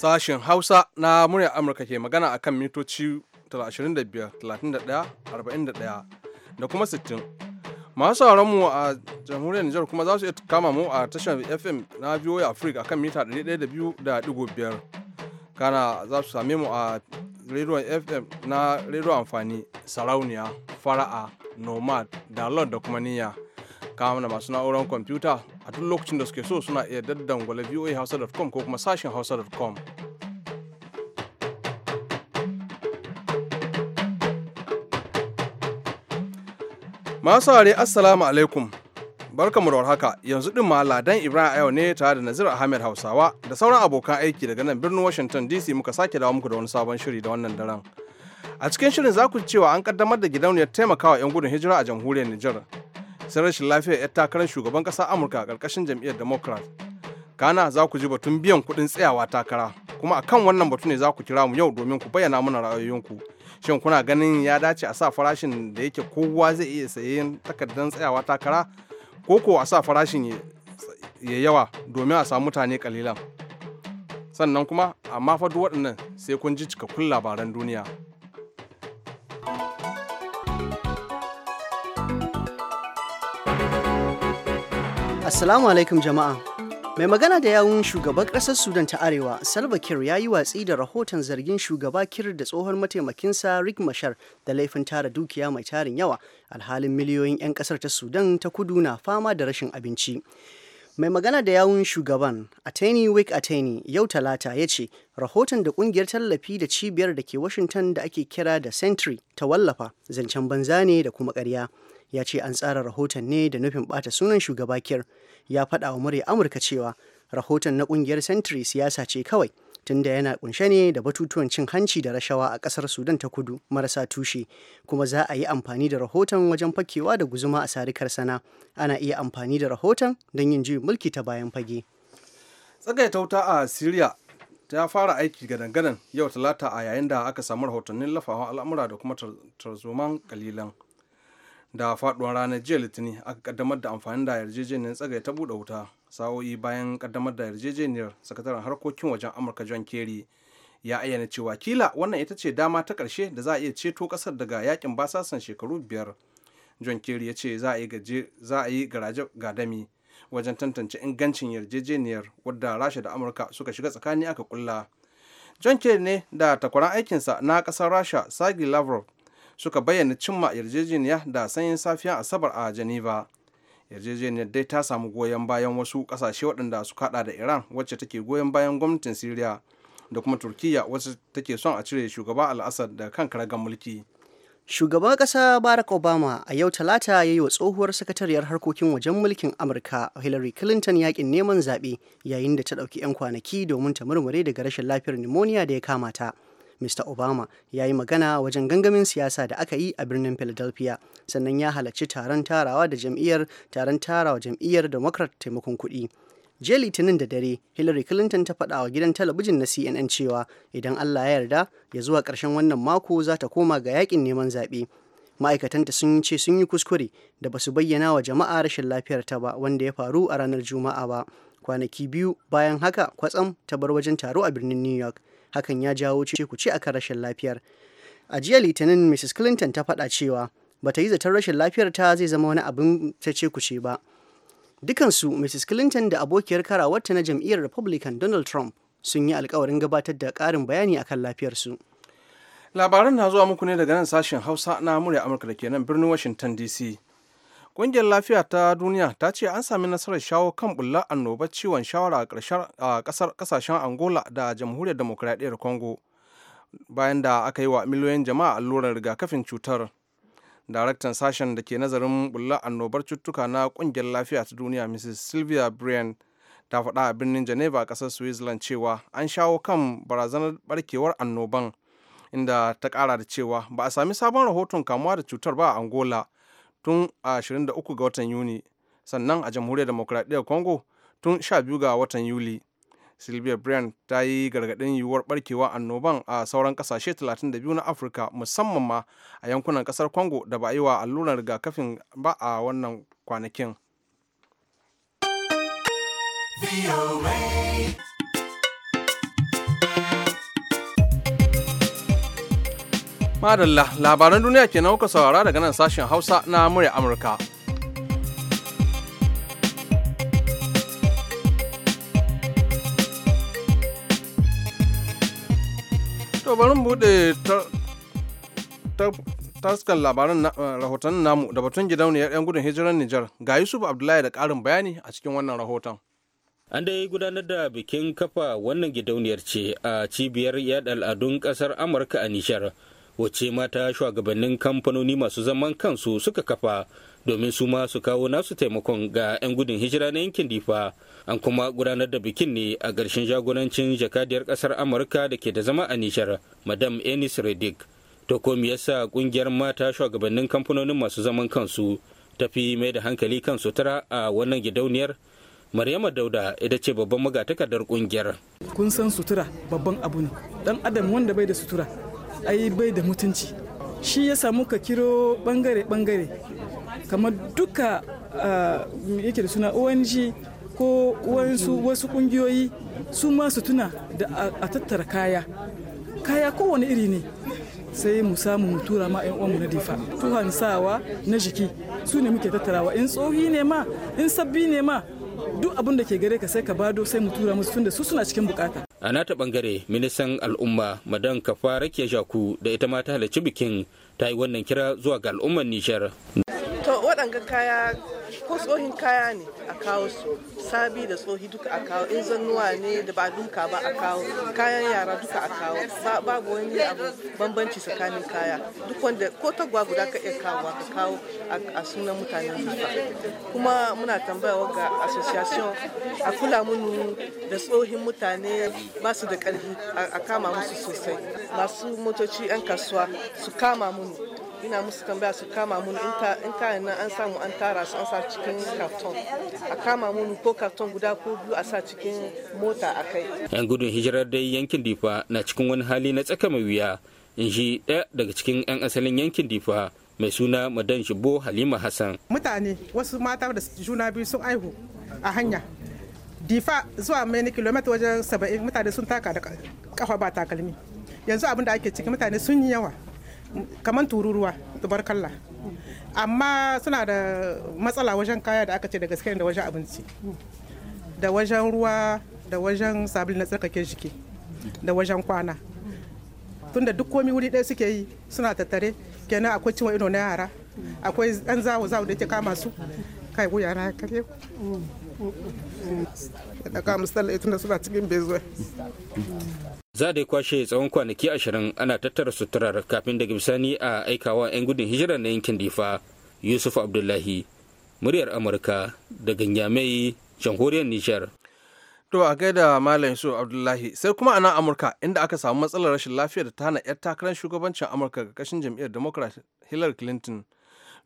Sashen Hausa na muryar Amurka ke magana a kan mitoci 25-31-41 da kuma 60. Masu mu a jamhuriyar Nijar kuma za su iya kama mu a tashar FM na VOA Africa kan mita 102.5. Kana za su same mu a rediyon FM na rediyon amfani sarauniya, fara'a, nomad, download da kuma niyya. Kama da masu na'urar kwamfuta a duk lokacin da suke so suna iya daddangwale voahausa.com ko kuma sashen hausa.com masu ware assalamu alaikum barkamu da haka yanzu din ma ladan ibrahim ayo ne tare da nazir ahmed hausawa da sauran abokan aiki daga nan birnin washington dc muka sake dawo muku da wani sabon shiri da wannan daren a cikin shirin za ku cewa an kaddamar da gidauniyar taimakawa 'yan gudun hijira a jamhuriyar nijar sai rashin lafiya ya takarar shugaban ƙasar amurka a ƙarƙashin jam'iyyar democrat kana za ku ji batun biyan kuɗin tsayawa takara kuma a kan wannan batu ne za ku kira mu yau domin ku bayyana mana ra'ayoyinku shin kuna ganin ya dace a sa farashin da yake kowa zai iya sayen takardar tsayawa takara ko ko a sa farashin ya yawa domin a samu mutane kalilan sannan kuma amma fa duk waɗannan sai kun ji cikakkun labaran duniya Assalamu alaikum jama'a. Mai magana da yawun shugaban ƙasar Sudan ta Arewa, Salva Kiir ya yi watsi da rahoton zargin shugaba Kiir da tsohon mataimakinsa Rick Mashar da laifin tara dukiya mai tarin yawa, alhalin miliyoyin 'yan ƙasar ta Sudan ta kudu na fama da rashin abinci. mai magana da yawun shugaban ateni wik ateni yau talata ya ce rahoton da kungiyar tallafi da cibiyar da ke washington da ake kira da sentry ta wallafa zancen banza ne da kuma ƙarya ya ce an tsara rahoton ne da nufin bata sunan shugaba kiyar ya faɗa wa murya amurka cewa rahoton na ƙungiyar sentry siyasa ce kawai tunda yana kunshe ne da batutuwan cin hanci da rashawa a ƙasar sudan ta kudu marasa tushe kuma za a yi amfani da rahoton wajen fakewa da guzuma a sarikar sana ana iya amfani da rahoton don yin juyin mulki ta bayan fage tsagaita wuta a syria ta fara aiki ga gadan yau talata a yayin da aka samu rahotannin lafawan al'amura da kuma tarzoman kalilan da faduwar ranar jiya litinin aka kaddamar da amfani da yarjejeniyar tsagai ta buɗe wuta sa'o'i bayan kaddamar da yarjejeniyar sakataren harkokin wajen amurka john kerry ya ayyana cewa kila wannan ita ce dama ta karshe da za a iya ceto kasar daga yakin basasan shekaru biyar john kerry ya ce za a yi garaje gadami wajen tantance ingancin yarjejeniyar wadda rasha da amurka suka shiga tsakani aka kulla john kerry ne da takwaran aikinsa na ƙasar rasha sagi lavrov suka bayyana cimma yarjejeniya da sanyin safiya asabar a geneva yarjejeniyar dai ta samu goyon bayan wasu kasashe waɗanda su kaɗa da iran wacce take goyon bayan gwamnatin syria da kuma turkiya wacce take son a cire shugaba al'asad da kan karagan mulki shugaban ƙasa barack obama a yau talata ya yi wa tsohuwar sakatariyar harkokin wajen mulkin amurka hillary clinton yakin neman zaɓe yayin da ta ɗauki 'yan kwanaki domin ta murmure daga rashin lafiyar pneumonia da ya kama ta Mr. Obama ya yi magana wajen gangamin siyasa da aka yi a birnin Philadelphia sannan ya halarci taron tarawa da jam'iyyar taron tarawa jam'iyyar Democrat taimakon kuɗi. jiya litinin da dare hillary clinton ta faɗa wa gidan talabijin na cnn cewa idan allah ya yarda ya zuwa ƙarshen wannan mako za ta koma ga yakin neman zaɓe ma'aikatanta sun ce sun yi kuskure da ba su bayyana wa jama'a rashin lafiyar ta ba wanda ya faru a ranar juma'a ba kwanaki biyu bayan haka kwatsam ta bar wajen taro a birnin new york hakan ya jawo ce ku ce akan rashin lafiyar a jiya litinin mrs clinton ta faɗa cewa ba ta yi zaton rashin lafiyar ta zai zama wani abin ta ce ku ce ba dukansu mrs clinton da abokiyar karawarta na jam'iyyar republican donald trump sun yi alkawarin gabatar da ƙarin bayani akan lafiyarsu labaran na zuwa muku ne daga nan sashen hausa na murya amurka da ke nan birnin washington dc ƙungiyar lafiya ta duniya ta ce an sami nasarar shawo kan bulla annobar ciwon shawara a ƙasar ƙasashen angola da jamhuriyar demokuraɗiyyar congo bayan da aka yi wa miliyoyin jama'a allurar rigakafin cutar daraktan sashen da ke nazarin bulla annobar cututtuka na ƙungiyar lafiya ta duniya mrs sylvia brian ta faɗa a birnin geneva ƙasar switzerland cewa an shawo kan barazanar barkewar annoban inda ta ƙara da cewa ba a sami sabon rahoton kamuwa da cutar ba a angola tun a 23 ga watan yuni sannan a jamhuriyar demokuraɗiyyar congo tun 12 ga watan yuli sylvia bryan ta yi gargaɗin yiwuwar barkewa annoban a sauran kasashe 32 na afirka musamman ma a yankunan ƙasar congo da ba a yi wa alluran rigakafin ba a wannan kwanakin. Madalla labaran duniya ke kuka saurara daga nan sashen Hausa na murya Amurka. To bari mu bude taskar labaran eh, rahoton namu da batun gidauniyar 'yan gudun hijirar Nijar ga Yusuf Abdullahi da ƙarin bayani a cikin wannan rahoton. An dai gudanar da bikin kafa wannan gidauniyar ce a cibiyar yada al'adun ƙasar Amurka a Nijar. wacce mata shugabannin kamfanoni masu zaman kansu suka kafa domin su ma su kawo nasu taimakon ga 'yan gudun hijira na yankin difa an kuma gudanar da bikin ne a ƙarshen jagorancin jakadiyar ƙasar amurka da ke da zama a nishar madam enis redick to ko me yasa ƙungiyar mata shugabannin kamfanonin masu zaman kansu tafi mai da hankali kan sutura a wannan gidauniyar Maryama Dauda ita ce babban magatakardar kungiyar. Kun san sutura babban abu ne. Dan adam wanda bai da sutura ai bai da mutunci shi ya samu ka kiro bangare-bangare kamar duka yake da suna ong ko wasu kungiyoyi su ma su tuna da a tattara kaya kaya kowane iri ne sai mu samu mu tura ma 'yan uwanmu na difa tuhan sawa na jiki su ne muke tattarawa in tsohi ne ma in sabbi ne ma duk abin da ke gare ka sai ka bado sai mu tura musu tunda su suna cikin bukata a nata bangare ministan al'umma madan kafa rakiya jaku da ita mata ta halarci bikin ta yi wannan kira zuwa ga al'umman nijar to waɗanga kaya ko tsohin kaya ne a kawo su sabi da tsohi duka a kawo in zannuwa ne da ba duka ba a kawo kayan yara duka a kawo babu wani abu bambanci tsakanin kaya duk wanda ko tagwa guda ka iya kawo ka kawo a sunan mutanen duka kuma muna tambaya ga association a kula munu da tsohin mutane ba su da karfi a kama musu sosai masu motoci 'yan kasuwa su kama munu ina musu tambaya su kama mun in kayan nan an samu an tara su an sa cikin karton a kama mun ko karton guda ko biyu a sa cikin mota a kai yan gudun hijirar dai yankin difa na cikin wani hali na tsaka mai wuya in shi ɗaya daga cikin 'yan asalin yankin difa mai suna madan shibo halima hassan mutane wasu mata da juna biyu sun aihu a hanya difa zuwa mai kilomita wajen saba'in mutane sun taka da kafa ba takalmi yanzu abin da ake ciki mutane sun yi yawa kamar tururuwa kalla amma suna da matsala wajen kaya da aka ce da gaske da wajen abinci da wajen ruwa da wajen sabulu na tsarkake jiki da wajen kwana tunda duk komi wuri ɗaya suke yi suna tattare kenan akwai ciwon ido na yara akwai ɗan zawo zawo da ke kama su kai wuya na kare ya daga musalla tunda suna cikin bezuwa za da kwashe tsawon kwanaki ashirin ana tattara suturar kafin daga bisani a aikawa 'yan gudun hijira na yankin difa yusuf abdullahi muryar amurka daga nyamai jamhuriyar nijar To a gaida Malam Yusuf Abdullahi sai kuma a nan Amurka inda aka samu matsalar rashin lafiyar da ta hana 'yar takarar shugabancin Amurka ga kashin jam'iyyar Democrat Hillary Clinton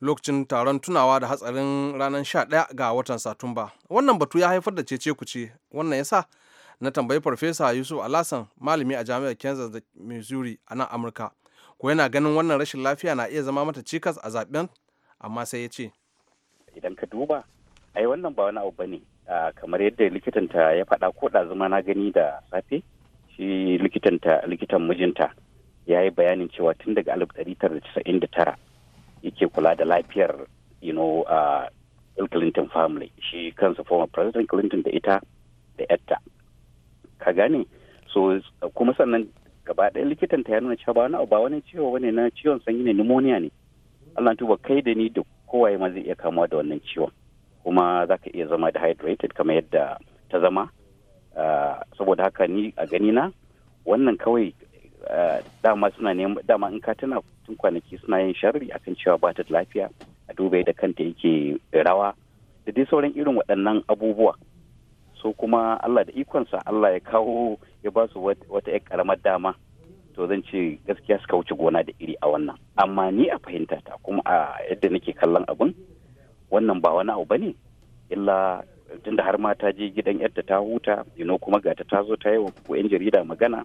lokacin taron tunawa da hatsarin ranar 11 ga watan satumba wannan batu ya haifar da cece ce wannan yasa na tambayi farfesa yusuf alasan malami a jami'ar kansas da missouri a nan amurka ko yana ganin wannan rashin lafiya na iya zama mata cikas a zaben amma sai ya ce idan ka duba ai wannan ba wani abu bane kamar yadda likitanta ya faɗa ko ɗazuma na gani da safe shi likitanta likitan mijinta ya yi bayanin cewa tun daga alif ɗari tara da tara yake kula da lafiyar you know uh, Bill Clinton family shi kansa former president Clinton da ita da yatta ka gane so kuma sannan gaba ɗaya likitan ta ya nuna cewa ba wani ba wani ciwo bane na ciwon sanyi ne pneumonia ne Allah tuba kai da ni da kowa ma zai iya kamuwa da wannan ciwon kuma zaka iya zama dehydrated kamar yadda ta zama saboda haka ni a gani na wannan kawai dama suna neman dama in ka tana tun kwanaki suna yin sharri akan cewa ba ta da lafiya a duba da kanta yake rawa da dai sauran irin waɗannan abubuwa so kuma Allah da ikonsa Allah ya kawo ya ba su wata 'yar karamar dama to zan ce gaskiya suka wuce gona da iri a wannan amma ni a fahimta ta kuma a yadda nake kallon abin wannan ba wani abu bane illa tunda har ma ta je gidan yadda ta huta ino kuma ga ta zo ta yi wa 'yan jarida magana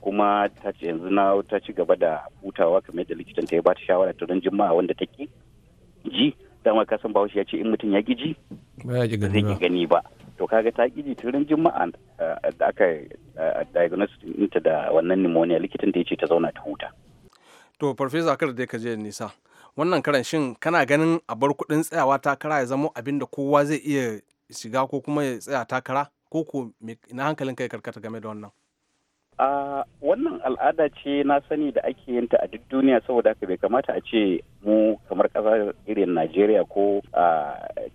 kuma ta ce yanzu na ta ci gaba da hutawa kamar yadda likitan ta ya ba ta shawara ta don jima'a wanda ta ki ji dama ka san bahaushe ya ce in mutum ya giji zai ki gani ba to kaga ta giji ta don jima'a eh, da aka eh, diagnosis ta da wannan pneumonia likitan ta ya ce ta zauna ta huta to farfesa kar da ka je nisa wannan karan shin kana ganin a bar kuɗin tsayawa takara ya zama abin da kowa zai iya shiga ko kuma ya tsaya takara ko ko na hankalin kai karkata game da wannan wannan al'ada ce na sani da ake yin ta a duk duniya saboda haka bai kamata a ce mu kamar ƙasar irin Najeriya ko a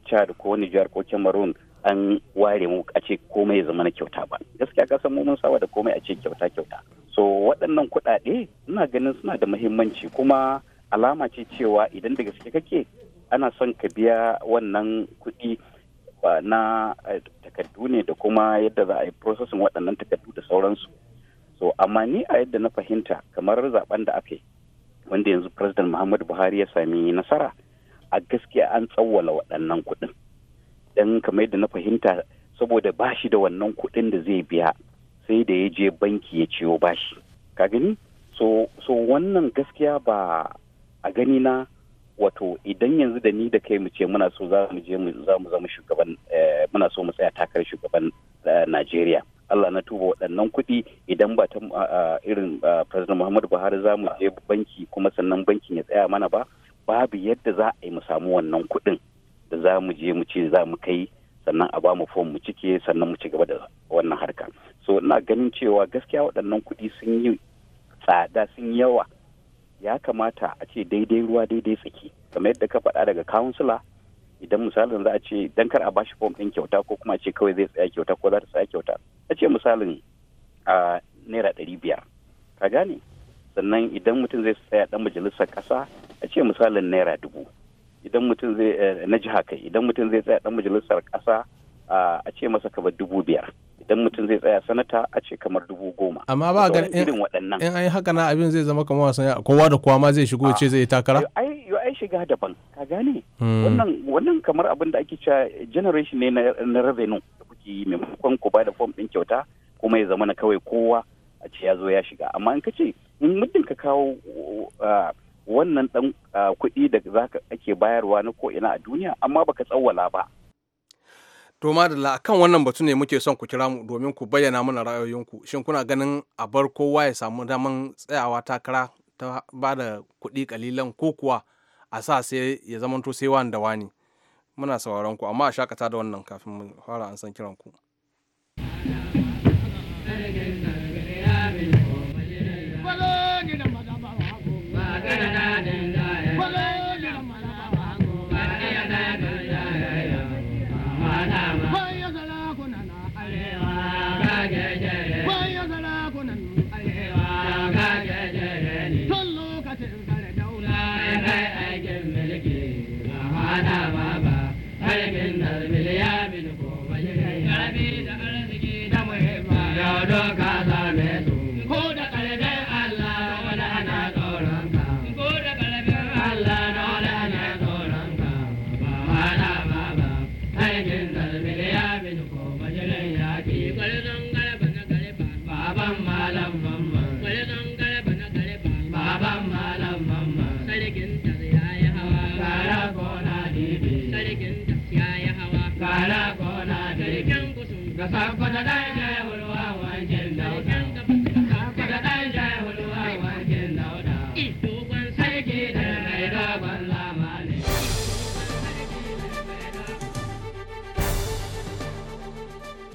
Chad ko Nijar ko Cameroon an ware mu a ce komai ya zama na kyauta ba. Gaskiya kasan mu mun saba da komai a ce kyauta kyauta. So waɗannan kuɗaɗe ina ganin suna da muhimmanci kuma alama ce cewa idan da gaske kake ana son ka biya wannan kuɗi na eh, takardu ne da kuma yadda za a yi processing waɗannan takardu da sauransu. to amma ni a yadda na fahimta kamar zaben da aka yi wanda yanzu president muhammadu buhari ya sami nasara a gaskiya an tsawwala waɗannan kuɗin dan kamar yadda na fahimta saboda bashi da wannan kuɗin da zai biya sai da ya je banki ya ciwo bashi ka gani so so wannan gaskiya ba a gani na wato idan yanzu da ni da kai mu ce muna so za mu je mu mu zama shugaban eh, muna so mu tsaya takarar shugaban eh, Najeriya Allah na tuba waɗannan kuɗi idan ba ta irin president Muhammadu Buhari za mu je banki kuma sannan bankin ya tsaya mana ba babu yadda za a yi mu samu wannan kuɗin da za mu je mu ce za mu kai sannan a ba mu fom mu cike sannan mu ci gaba da wannan harka so na ganin cewa gaskiya waɗannan kuɗi sun yi tsada sun yawa ya kamata a ce daidai ruwa daidai tsaki kamar yadda ka faɗa daga kansula idan misalin za a ce dan kar a bashi fom ɗin kyauta ko kuma a ce kawai zai tsaya kyauta ko za ta tsaya kyauta a ce misalin a naira ɗari biyar ka gane sannan idan mutum zai tsaya dan majalisar ƙasa a ce misalin naira dubu idan mutum zai eh, na jiha kai idan mutum zai tsaya dan majalisar ƙasa a ce masa kaba dubu biyar idan mutum zai tsaya sanata a ce kamar dubu goma amma ba ga irin waɗannan in an yi haka na abin zai zama kamar wasan kowa da kowa ma zai shigo ce zai takara shiga daban ka gane hmm. wannan kamar abin da ake cewa generation ne na revenue da kuke yi maimakon ku bada form din kyauta kuma ya zama na kawai kowa a ce ya zo ya shiga amma in ka ce muddin ka kawo uh, wannan dan uh, kuɗi da zaka ake bayarwa na ko ina a duniya amma baka tsawwala ba To madalla akan wannan batu ne muke son ku kira mu domin ku bayyana mana ra'ayoyinku. Shin kuna ganin a bar kowa ya samu daman tsayawa takara ta ba da kuɗi kalilan ko kuwa a sa sai ya zamanto sai wani da wani muna sauraron ku amma a shakata da wannan kafin mu fara an san kiran ku.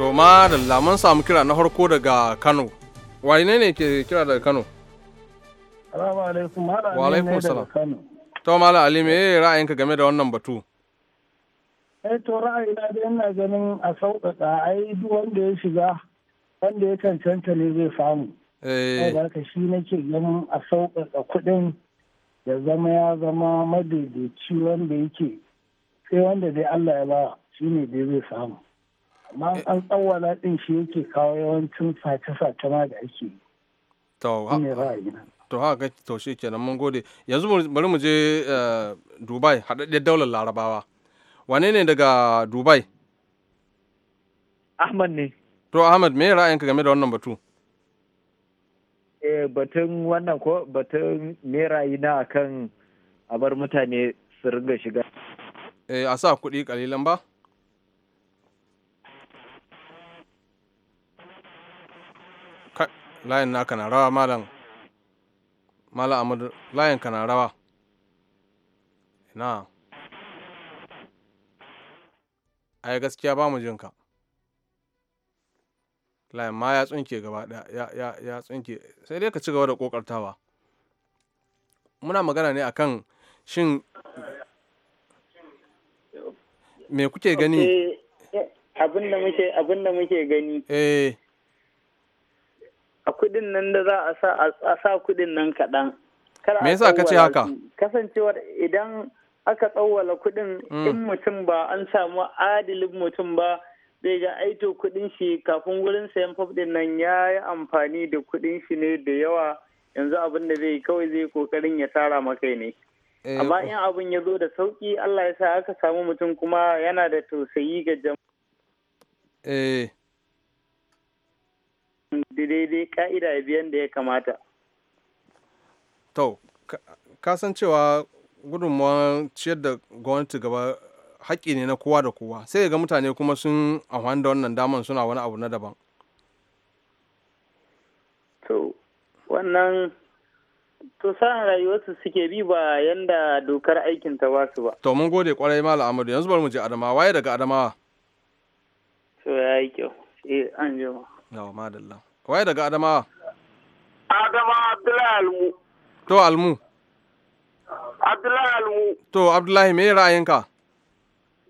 to ma da mun samu kira na harko daga kano waye ne ke kira daga kano Wa alaikun salam. To Malam Ali me ra'ayinka game da wannan batu? Eh to ra'ayi na da ina ganin a sauƙaƙa ai duk wanda ya shiga wanda ya cancanta ne zai samu. Eh. shi nake ganin a sauƙaƙa kuɗin ya zama ya zama madaidaici wanda yake sai wanda dai Allah ya ba shi ne dai zai samu. amma an eh. tsawala din shi yake kawo yawancin sace-sace ma da ake to haka ga to shi kenan mun gode yanzu bari mu je eh, dubai haɗaɗɗiyar daular larabawa wane ne daga dubai ahmad ne to ahmad me ra'ayinka game da wannan batu eh batun wannan ko batun me na akan abar mutane su ringa shiga eh a sa kuɗi kalilan ba layin naka na rawa malam malam amadu layin ka na rawa na ai gaskiya ba mu jin ka layin ma ya tsunke gaba daya ya ya tsunke sai dai ka ci gaba da kokartawa muna magana ne akan shin me kuke gani abin da muke gani eh a kuɗin nan da za a sa kuɗin nan kaɗan. Me yasa ka ce haka? Kasancewar idan aka tsawwala kuɗin mm. in mutum ba an samu adilin mutum ba zai ga aito kuɗin shi kafin wurin sayan fof ɗin nan ya yi amfani da kuɗin shi ne da yawa yanzu abin da zai kawai zai kokarin ya tara makai ne. Eh, Amma oh. in abin ya zo da sauƙi Allah ya sa aka samu mutum kuma yana da tausayi ga jama'a. Eh. daidai ka'ida biyan da ya kamata to ka san cewa gudunmawar ciyar da gwamnati gaba haƙƙi ne na kowa da kowa sai ga mutane kuma sun amfani da wannan daman suna wani abu na daban to wannan to sa'an rayuwarsu suke bi ba yanda dokar aikin ta ba su ba to mun gode kwarai ma amadu yanzu bari mu je adamawa waye daga adamawa to ya yi kyau eh an jima Yawa madalla. Waye daga Adamawa? Adama Abdullahi Almu. To Almu. Abdullahi Almu. To Abdullahi me ra'ayinka?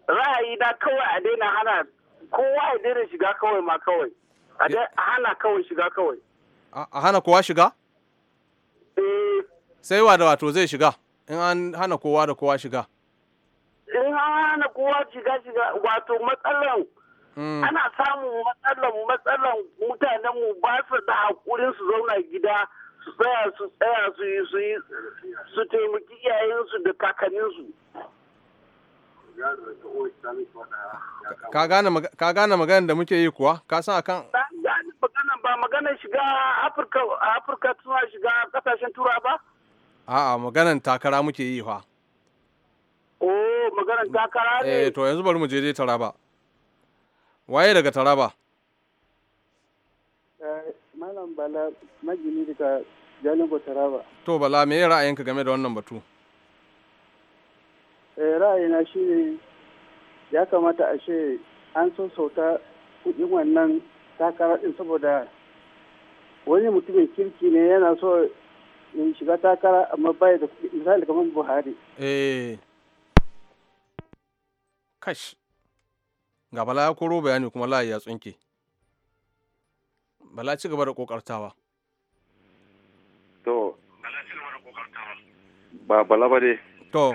Ra'ayi da kawai a daina hana kowa ya daina shiga kawai ma kawai. A hana kawai shiga kawai. A hana kowa shiga? Eh. Sai wa da wato zai shiga in an hana kowa da kowa shiga. In an hana kowa shiga shiga wato matsalar Mm. ana samun matsalan matsalan mutanen mu ba su da hakurin su zauna gida su tsaya su tsaya su yi su yi su taimaki iyayensu da kakanninsu ka gane magana da muke yi kuwa ka san akan magana ba maganar shiga afirka afirka suna shiga kasashen tura ba a'a maganar takara muke yi fa oh maganar takara ne eh to yanzu bari mu je je taraba ba waye daga taraba eh, malam bala magini daga jalingo taraba to bala me ra'ayinka game da wannan batu eh, ra'ayina shine ya kamata a ce an so sauta kudin wannan takara din saboda wani mutumin kirki ne yana so ya shiga takara amma baya da misali kamar buhari eh kash ga bala ya koro bayani kuma layi ya tsunke bala ci gaba da kokartawa to ba bala ba dai to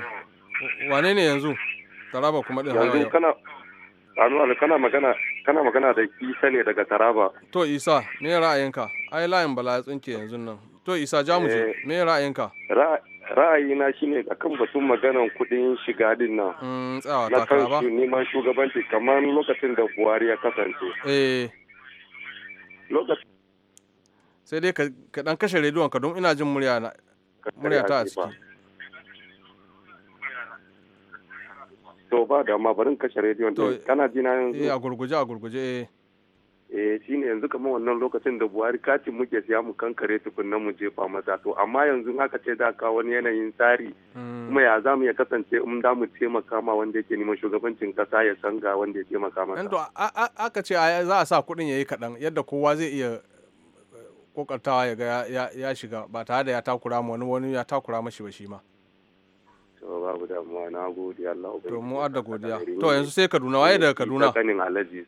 wane ne yanzu taraba kuma din yanzu kana anu kana magana kana magana da isa ne daga taraba to isa me ra'ayinka ai layin bala ya tsunke yanzu nan to isa jamuje eh. me ra'ayinka ra'ayi ra'ayina shine akan batun maganan kudin shiga din nan mm, na kan su neman shugabanci kamar lokacin da buhari ya kasance eh. sai dai ka dan kashe rediyon ka don ina jin murya ta a ciki to ba da ma barin kashe rediyon kana jina yanzu eh, a gurguje a gurguje eh eh shine yanzu kamar wannan lokacin da buhari katin muke siya mu kankare nan mu jefa masa to amma yanzu haka ce da ka wani yanayin tsari hmm. kuma ya za mu ya kasance in da mu taimaka ma wanda yake neman shugabancin kasa ya san ga wanda ya taimaka ma. to aka ce za a sa kuɗin yayi kaɗan yadda kowa zai iya kokartawa eh, ya ga ya shiga ba tare da ya takura mu wani wani ya takura mashi ba shi ma to babu damuwa na gode Allah ubangiji to mu adda godiya to yanzu sai Kaduna waye daga Kaduna kanin Alhaji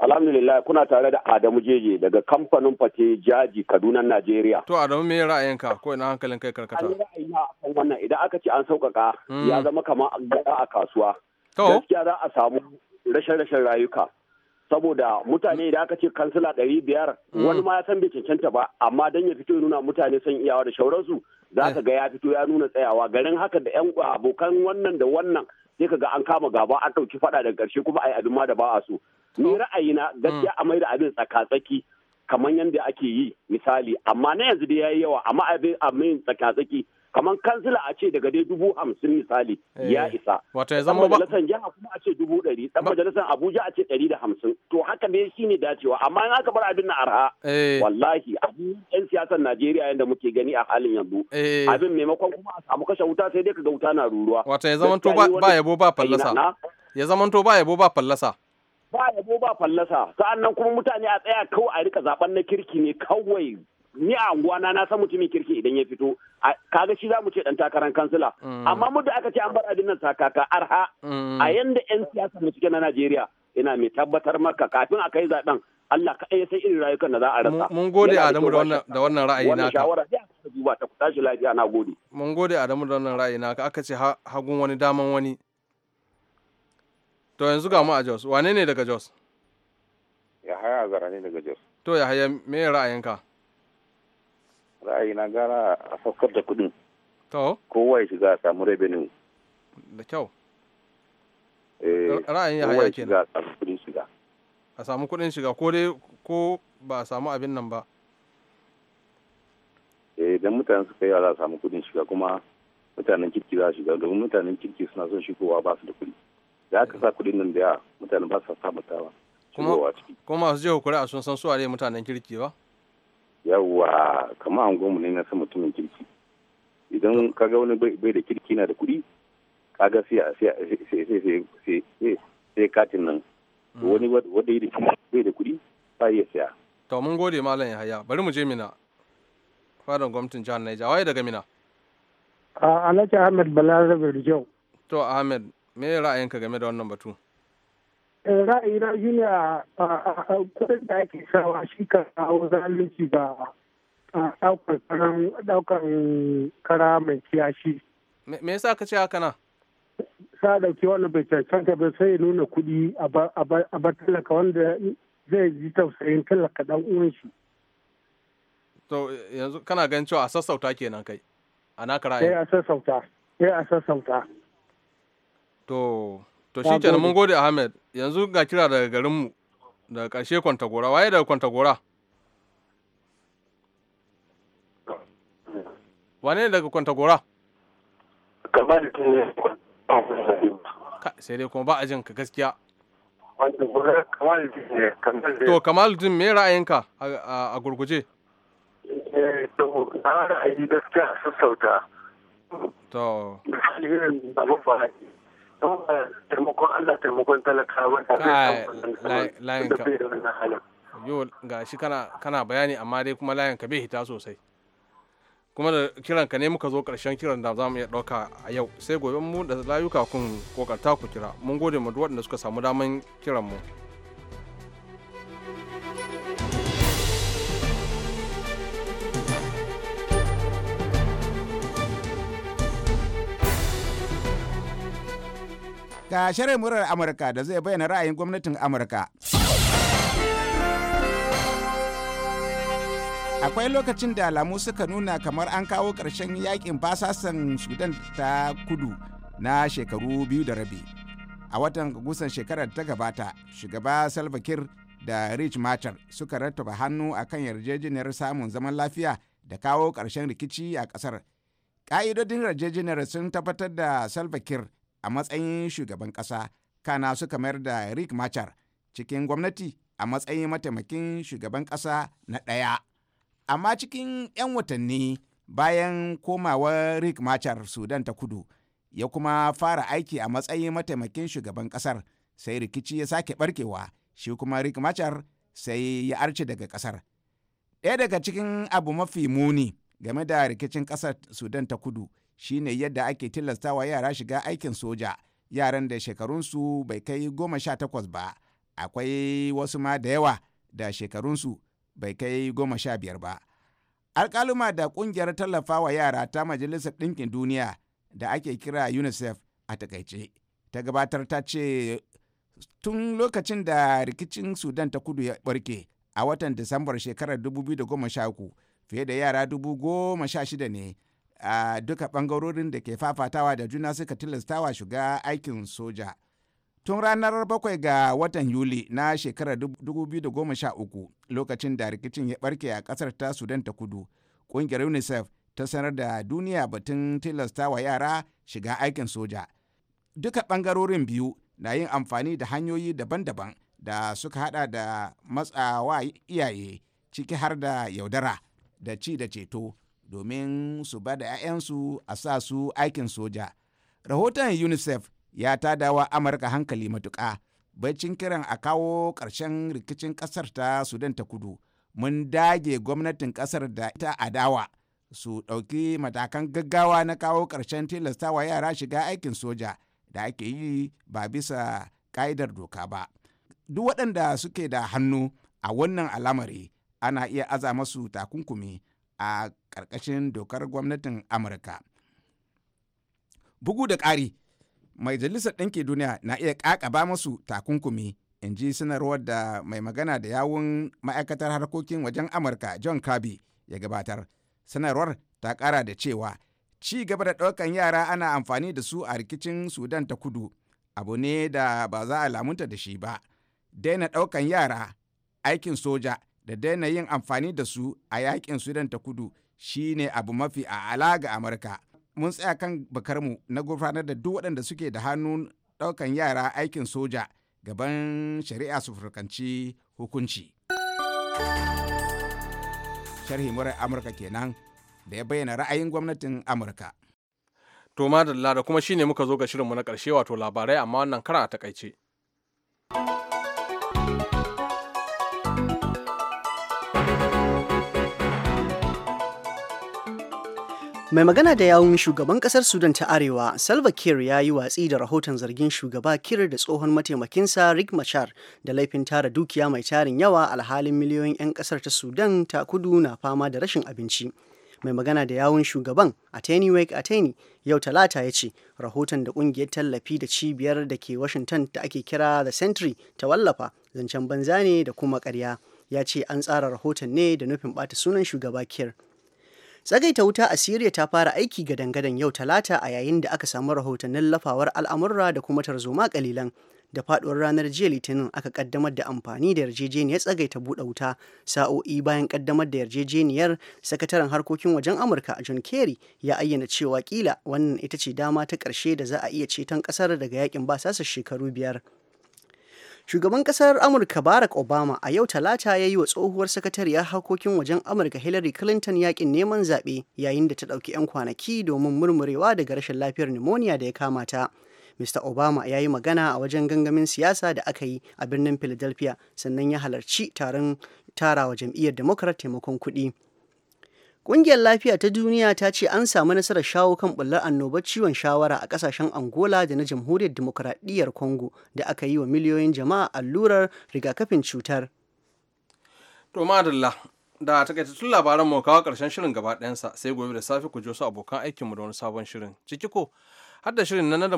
Alhamdulillah kuna tare da Adamu Jeje daga kamfanin fate jaji Kaduna Najeriya. To Adamu me ra'ayinka ko ina hankalin kai karkata? ra'ayina akan wannan idan aka ce an sauƙaƙa hmm. ya zama kamar gada a kasuwa. Gaskiya za a samu rashin rashin rayuka. Saboda mutane idan aka ce kansila ɗari biyar hmm. wani ma ya san bai cancanta ba amma don ya fito nuna mutane son iyawa da shauransu za ka eh. ga ya fito ya nuna tsayawa garin haka da 'yan abokan wannan da wannan sai ga an kama gaba an ɗauki faɗa daga ƙarshe kuma a yi abin ma da ba a so ni ra'ayi na gaskiya a da abin tsaka-tsaki kamar yadda ake yi misali amma na yanzu da yi yawa amma abin tsaka-tsaki kamar kansila a ce daga dai dubu hamsin misali eh. ya isa wato ya zama majalisar jiha kuma a ce dubu ɗari ɗan majalisar abuja a ce ɗari da hamsin to haka ne shi ne dacewa amma in aka bar abin na arha eh. wallahi abin yan siyasar najeriya yadda muke gani a halin yanzu eh. abin maimakon kuma a samu kashe wuta sai dai ka ga wuta na ruruwa wato ya zama to ba yabo ba fallasa ya zama to ba yabo ba fallasa ba yabo ba fallasa sa'annan kuma mutane a tsaya kawai a rika zaben na kirki ne kawai ni a unguwana na san mutumin kirki idan ya fito kaga shi za mu ce dan takarar kansila mm. amma muddin aka ce an bar abin nan sakaka arha mm. a yanda yan siyasa mu cike na Najeriya ina mai tabbatar maka kafin a kai zaben Allah ka ya san irin rayukan da za a rasa mun gode Adamu da wannan da wannan ra'ayi naka shawara da ka duba ta tashi lafiya na gode mun gode Adamu da wannan ra'ayi naka aka ce hagun wani daman wani to yanzu ga mu a Jos wane ne daga Jos Yahaya zara ne daga Jos to ya haya me ra'ayinka ra'ayina gara a saukar da kudin kowa ya shiga a samu revenue da kyau eh, ra'ayin ya haya ke a samu kuɗin shiga ko dai ko ba a samu abin nan ba eh, idan mutane suka yi za a samu kuɗin shiga kuma mutanen kirki za a shiga domin mutanen kirki suna son shigowa ba su da kuɗi da aka sa kuɗin nan da yawa mutane ba su samu tawa kuma masu jihar a sun san su a mutanen kirki ba yawwa kamar an goma ne na san mutumin kirki idan kaga wani bai da kirki na da kuɗi kaga sai sai sai katin nan hmm. wani wanda yi da kirki bai da kuɗi ba iya siya to mun gode malam yahaya bari mu je mina fadan gwamnatin jihar Niger waye daga mina a Alhaji Ahmed Balarabe Rijau. To Ahmed, me ra'ayinka game da wannan batu? Eh, ra'ayi na shi ne a kudin da ake sawa shi ka kawo zalunci ga daukar kara mai kiyashi. Me yasa ka ce haka na? Sa dauki wani bai ka ba sai nuna kuɗi a bar talaka wanda zai ji tausayin talaka dan uwan shi. To yanzu kana gan cewa a sassauta kenan kai. A naka ra'ayi. Eh a sassauta. Eh a sassauta. To To shi kenan mun gode Ahmed yanzu ga kira daga garinmu daga ƙarshe Kwantagora waye daga Kwantagora? Wane daga Kwantagora? Kamar sai dai kuma ba a jin ka gaskiya. To kamal Kamaluddin me ra'ayinka a gurguje? Eh, to na ra'ayi gaskiya sassauta. To. taimakon Allah taimakon talakawa da zai da bai ga shi kana bayani amma dai kuma layin ka bai hita sosai. kuma da kiran ka ne muka zo karshen kiran da za mu iya ɗauka a yau sai gobe mu da layuka kun kokarta ku kira mun gode mu duk waɗanda suka samu daman kiran mu. Ga shirin murar Amurka da zai bayyana ra'ayin gwamnatin Amurka. akwai lokacin da alamu suka nuna kamar an kawo ƙarshen yakin basasan sudan ta kudu na shekaru biyu da rabi a watan gusan shekarar ta gabata shugaba salva da rich matar suka rattaba hannu a kan yarjejeniyar samun zaman lafiya da kawo ƙarshen rikici a ƙasar ƙa'idodin yarjejeniyar sun tabbatar da salva a matsayin shugaban ƙasa kana suka mayar da rick machar cikin gwamnati a matsayin mataimakin shugaban ƙasa na ɗaya amma cikin 'yan watanni bayan komawar rick machar sudan ta kudu ya kuma fara aiki a matsayin mataimakin shugaban ƙasar sai rikici ya sake barkewa shi kuma rick machar sai ya arce daga ƙasar ɗaya daga cikin abu mafi muni game da rikicin ƙasar sudan ta kudu shine yadda ake tilastawa yara shiga aikin soja yaran da shekarunsu bai kai goma sha takwas ba akwai wasu ma da yawa da shekarunsu bai kai goma sha biyar ba alkaluma da kungiyar tallafawa yara ta majalisar ɗinkin duniya da ake kira unicef a takaice ta gabatar ta ce tun lokacin da rikicin sudan ta kudu ya barke a watan disambar shekarar 2013 fiye da yara 16,000 ne a duka bangarorin da ke fafatawa da juna suka tilastawa shiga aikin soja tun ranar bakwai ga watan yuli na shekarar 2013 lokacin da rikicin ya barke a kasar ta sudan ta kudu kungiyar unicef ta sanar da duniya batun tilastawa yara shiga aikin soja duka bangarorin biyu na yin amfani da hanyoyi daban-daban da suka hada da matsawa iyaye ciki har da yaudara da ci da ceto domin su ba da 'ya'yansu a sa su aikin soja. Rahoton UNICEF ya tadawa Amurka hankali matuƙa. Baccin kiran a kawo ƙarshen rikicin ƙasar ta Sudan ta kudu. Mun dage gwamnatin ƙasar da ita adawa su ɗauki matakan gaggawa na kawo ƙarshen tilastawa yara shiga aikin soja da ake yi ba bisa ƙa'idar doka ba. Duk waɗanda suke da hannu a wannan al'amari ana iya aza masu takunkumi a ƙarƙashin dokar gwamnatin amurka bugu da ƙari majalisar ɗinki duniya na iya ƙaƙaba masu takunkumi in ji sanarwar da mai magana da yawun ma'aikatar harkokin wajen amurka john kirby ya gabatar sanarwar ta ƙara da cewa ci gaba da ɗaukan yara ana amfani da su a rikicin sudan ta kudu abu ne da ba za a lamunta da shi ba daina ɗaukan yara aikin soja da daina yin amfani da su a yakin sudan ta kudu shine abu mafi a'ala ga amurka mun tsaya kan bakarmu na gurfanar da duk waɗanda suke da hannu ɗaukan yara aikin soja gaban shari'a su furkanci hukunci sharhi murar amurka kenan da ya bayyana ra'ayin gwamnatin amurka to madalla da kuma shine muka zo ga shirinmu na karshe wato labarai amma wannan kara a takaice. Mai magana da yawun shugaban kasar Sudan ta Arewa, Salva Kiir ya yi watsi da rahoton zargin shugaba Kiir da tsohon mataimakinsa Rick Machar da laifin tara dukiya mai tarin yawa alhalin miliyoyin 'yan kasar ta Sudan ta kudu na fama da rashin abinci. Mai magana da yawun shugaban Ateni Wake Ateni yau talata ya ce rahoton da kungiyar tallafi da cibiyar da ke Washington da ake kira The Century ta wallafa zancen banza ne da kuma karya. Ya ce an tsara rahoton ne da nufin ɓata sunan shugaba Kiir. tsagaita wuta a siriya ta fara aiki gadan-gadan yau talata a yayin da aka samu rahotannin lafawar al'amurra da kuma tarzoma kalilan da faduwar ranar jiya litinin aka kaddamar da amfani da yarjejeniyar tsagaita buɗe wuta sa'o'i bayan kaddamar da yarjejeniyar sakataren harkokin wajen amurka john kerry ya ayyana cewa kila wannan ita ce dama ta ƙarshe da za a iya ceton ƙasar daga yakin basasa shekaru biyar Shugaban kasar Amurka Barack Obama a yau talata ya yi wa tsohuwar sakatariyar harkokin wajen Amurka Hillary Clinton yakin neman zaɓe yayin da ta ɗauki 'yan kwanaki domin murmurewa daga rashin lafiyar pneumonia da ya kamata. Mr. Obama ya yi magana a wajen gangamin siyasa da aka yi a birnin Philadelphia sannan ya halarci taron tarawa jam'iyyar Democrat taimakon kuɗi. Ƙungiyar Lafiya ta Duniya ta ce an samu nasarar shawo kan bullar annobar ciwon shawara a ƙasashen Angola da na Jamhuriyar Dimokuraɗiyyar Congo da aka yi wa miliyoyin jama'a allurar rigakafin cutar. To madalla da takaitattun labaran mu kawo ƙarshen shirin gaba ɗayansa sai gobe da safe ku ji wasu abokan mu da wani sabon shirin. Ciki ko har da shirin na na na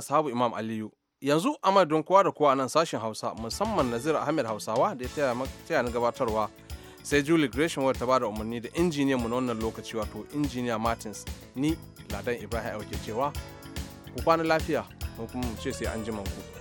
sahabu Imam Aliyu. Yanzu a don kowa da kowa a nan sashen Hausa musamman Nazir Ahmed Hausawa da ya taya na gabatarwa. sai julie gresham wadda ta bada umarni da injiniya mu na wannan lokaci wato injiniya martins ni ladan ibrahim ke cewa ku kwana lafiya kuma mu ce sai an ku.